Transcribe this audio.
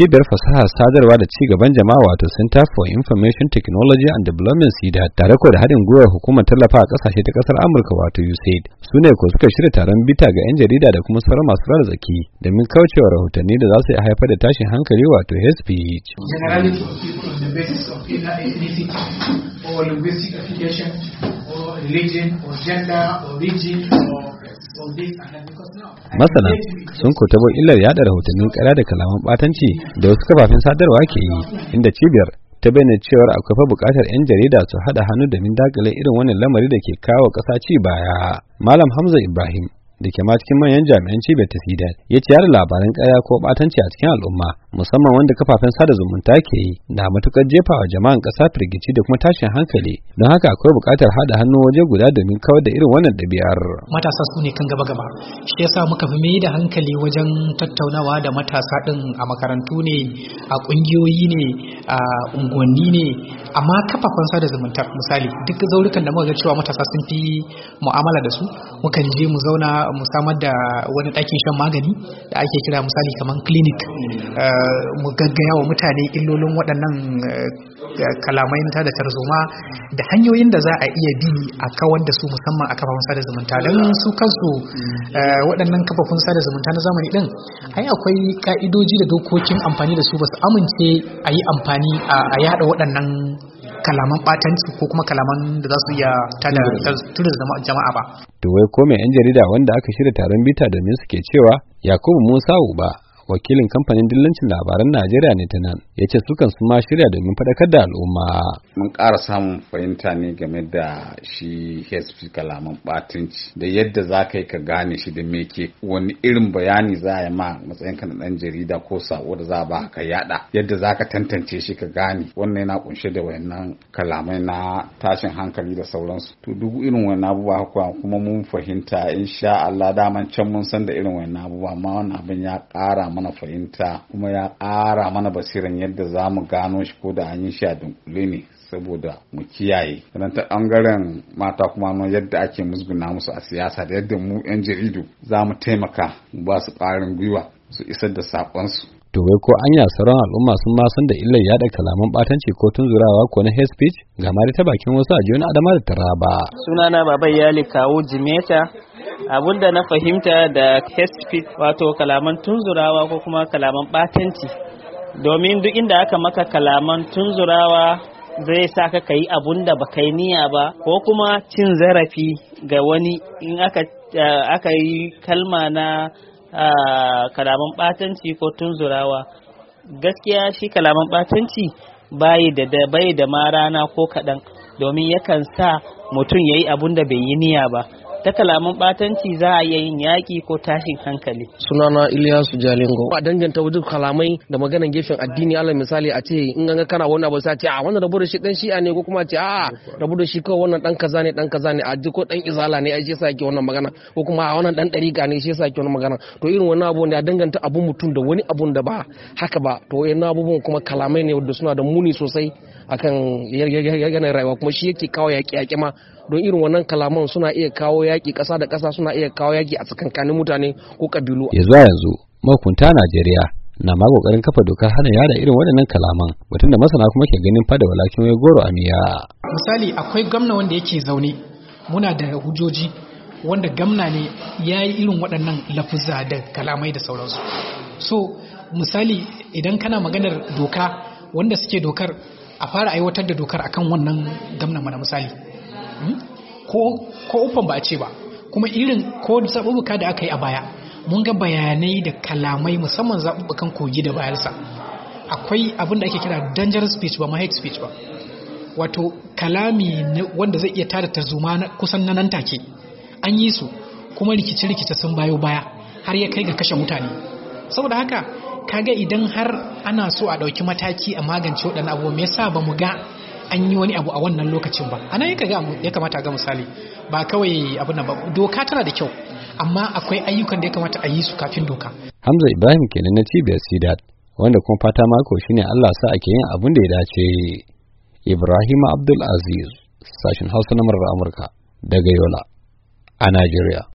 cibiyar fasaha sadarwa da ci gaban jama'a wato Center for Information Technology and Development da tare da haɗin gwiwar hukumar tallafa a ƙasashe ta ƙasar Amurka wato USAID su ne ko suka shirya taron bita ga 'yan jarida da kuma sauran masu zaki domin kaucewa rahotanni da za su iya haifar da tashin hankali wato hate speech. or linguistic affiliation or religion or gender or region or Masana sun kota tabo illar yada rahotannin kara da kalaman batanci da wasu kafafen sadarwa ke yi inda cibiyar ta bayyana cewar akwai fa bukatar 'yan jarida su haɗa hannu da min dakile irin wannan lamari da ke kawo ƙasa ci baya. Malam Hamza Ibrahim da ke ma cikin manyan jami'an cibiyar ta Sida ya ciyar labaran kaya ko ɓatanci a cikin al'umma musamman wanda kafafen sada zumunta ke yi na matukar jefa wa jama'an kasa firgici da kuma tashin hankali don haka akwai buƙatar haɗa hannu waje guda domin kawar da irin wannan ɗabi'ar. matasa su ne kan gaba gaba shi yasa muka fi mai da hankali wajen tattaunawa da matasa ɗin a makarantu ne a ƙungiyoyi ne a unguwanni ne amma kafafen sada zumunta misali duk zaurukan da muka ga cewa matasa sun fi mu'amala da su mukan je mu zauna mu samar da wani ɗakin shan magani da ake kira misali kamar clinic eh, mu gaggaya wa mutane illolin waɗannan eh, eh, kalamai ta da tarzoma da hanyoyin da za a iya bi a kawar da su musamman a kafafun sada zumunta don su kansu eh, waɗannan kafafun sada zumunta na zamani din ai akwai ka'idoji da dokokin amfani da su ba su amince a yi amfani a yada waɗannan kalaman batanci ko kuma kalaman da za su iya tada jama'a ba. To wai ko mai 'yan jarida wanda aka shirya taron bita da suke cewa Yakubu Musa Uba wakilin kamfanin dillancin labaran Najeriya ne tanan ya ce sukan su ma shirya domin faɗakar da al'umma. Mun ƙara samun fahimta ne game da shi HSP kalaman ɓatanci da yadda za ka yi ka gane shi da meke, wani irin bayani za a yi ma matsayin ka na ɗan jarida ko sako da za a ba ka yaɗa yadda za ka tantance shi ka gane wannan yana kunshe da wayannan kalamai na tashin hankali da sauransu. To duk irin wannan abubuwa kuma mun fahimta in sha Allah daman can mun san da irin wannan abubuwa amma wannan abin ya ƙara mana fahimta kuma ya ƙara mana basiran yadda za mu gano shi ko da an yi shi a dunkule ne saboda mu kiyaye sannan ta ɓangaren mata kuma ma yadda ake musguna musu a siyasa da yadda mu 'yan jaridu za mu taimaka mu ba su ƙarin gwiwa su isar da saƙonsu to wai ko anya sauran al'umma sun ma san da illar yada kalaman batanci ko tunzurawa ko na hate speech ga mari ta bakin wasu a jiyun adama da taraba sunana baba yali kawo jimeta da na fahimta da hate wato kalaman tunzurawa ko kuma kalaman batanci domin duk inda aka maka kalaman tunzurawa zai sa ka kayi abun da ba kai niyya ba ko kuma cin zarafi ga wani in aka eh, yi kalma na ah, kalaman batanci ko tunzurawa gaskiya shi kalaman batanci bayi da bai da ma rana ko kaɗan domin yakan sa mutum ya yi abun da bai yi niyya ba ta kalaman batanci za a yin yaƙi ko tashin hankali. Sunana Ilyasu Jalingo. A danganta wajen kalamai da maganan gefen addini alal misali a ce in ga kana wani abu sa ce a ah, wannan rabu da shi dan shi'a ne ko kuma ce a ah, rabu da shi kawai wannan dan kaza ne dan kaza ne a ji ko dan izala ne ai shi yasa yake wannan magana ko kuma a ah, wannan dan dariƙa ne shi yasa yake wannan magana. To irin wannan abu ne a danganta abun mutum da wani abun da ba haka ba to wannan abubuwan kuma kalamai ne wanda suna da muni sosai akan yanayin rayuwa kuma shi yake kawo yaƙi yaƙi ma don irin wannan kalaman suna iya kawo yaƙi ƙasa da ƙasa suna iya kawo yaƙi a tsakankanin mutane ko ƙabilu. ya zuwa yanzu mahukunta najeriya na ma ƙoƙarin kafa dokar hana yada irin waɗannan kalaman batun da masana kuma ke ganin fada walakin wai goro miya. misali akwai gwamna wanda yake zaune muna da hujjoji wanda gwamna ne ya yi irin waɗannan lafuza da kalamai da sauransu so misali idan kana maganar doka wanda suke dokar a fara aiwatar da dokar akan wannan gamna mana misali hmm? ko uffan ba a ce ba kuma irin ko zaɓuɓɓuka da aka yi a baya mun ga bayanai da kalamai musamman zaɓuɓɓukan kogi da bayarsa akwai abin da ake kira dangerous speech ba ma hate speech ba wato kalami wanda zai iya tada tarzoma kusan na nan take an yi su kuma rikice-rikice sun bayo baya har ya kai ga kashe mutane saboda haka kaga idan har ana so a ɗauki mataki a magance waɗannan abubuwa me yasa ba mu ga an yi wani abu a wannan lokacin ba anan ya kamata ga misali ba kawai abin nan ba doka tana da kyau amma akwai ayyukan da ya kamata a yi su kafin doka Hamza Ibrahim kenan na cibiyar Sidat wanda kuma fata mako shine Allah sa ake yin abun da ya dace Ibrahim Abdul Aziz sashin Hausa na Amurka daga Yola a Najeriya